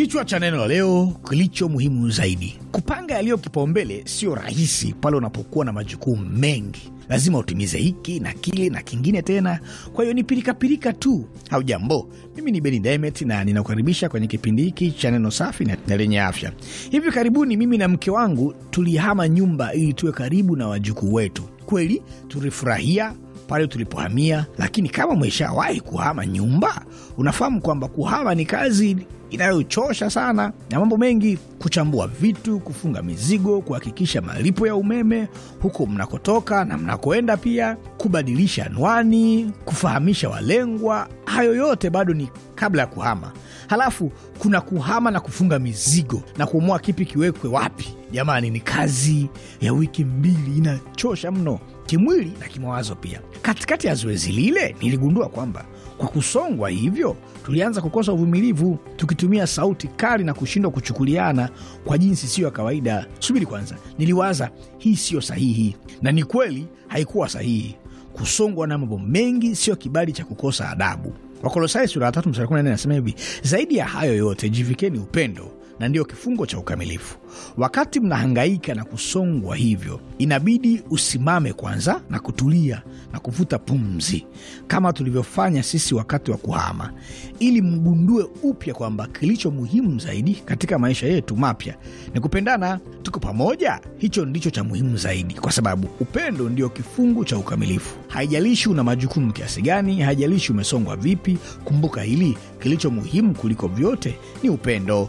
Kichwa cha neno la leo kilicho muhimu zaidi. Kupanga yaliyo kipaumbele sio rahisi pale unapokuwa na majukumu mengi, lazima utimize hiki na kile na kingine tena, kwa hiyo ni pirikapirika tu. Haujambo, mimi ni Beni Demet na ninakukaribisha kwenye kipindi hiki cha neno safi na lenye afya. Hivi karibuni mimi na mke wangu tulihama nyumba ili tuwe karibu na wajukuu wetu. Kweli tulifurahia pale tulipohamia, lakini kama umeshawahi kuhama nyumba, unafahamu kwamba kuhama ni kazi inayochosha sana na mambo mengi, kuchambua vitu, kufunga mizigo, kuhakikisha malipo ya umeme huko mnakotoka na mnakoenda, pia kubadilisha anwani, kufahamisha walengwa. Hayo yote bado ni kabla ya kuhama. Halafu kuna kuhama na kufunga mizigo na kuamua kipi kiwekwe wapi. Jamani, ni kazi ya wiki mbili, inachosha mno kimwili na kimawazo pia. Katikati ya zoezi lile niligundua kwamba kwa kusongwa hivyo, tulianza kukosa uvumilivu, tukitumia sauti kali na kushindwa kuchukuliana kwa jinsi siyo ya kawaida. Subiri kwanza, niliwaza, hii siyo sahihi. Na ni kweli haikuwa sahihi. Kusongwa na mambo mengi siyo kibali cha kukosa adabu. Wakolosai sura ya tatu msara kumi na nne anasema hivi: zaidi ya hayo yote jivikeni upendo na ndiyo kifungo cha ukamilifu. Wakati mnahangaika na kusongwa hivyo, inabidi usimame kwanza na kutulia na kuvuta pumzi, kama tulivyofanya sisi wakati wa kuhama, ili mgundue upya kwamba kilicho muhimu zaidi katika maisha yetu mapya ni kupendana. Tuko pamoja, hicho ndicho cha muhimu zaidi, kwa sababu upendo ndiyo kifungu cha ukamilifu. Haijalishi una majukumu kiasi gani, haijalishi umesongwa vipi, kumbuka hili, kilicho muhimu kuliko vyote ni upendo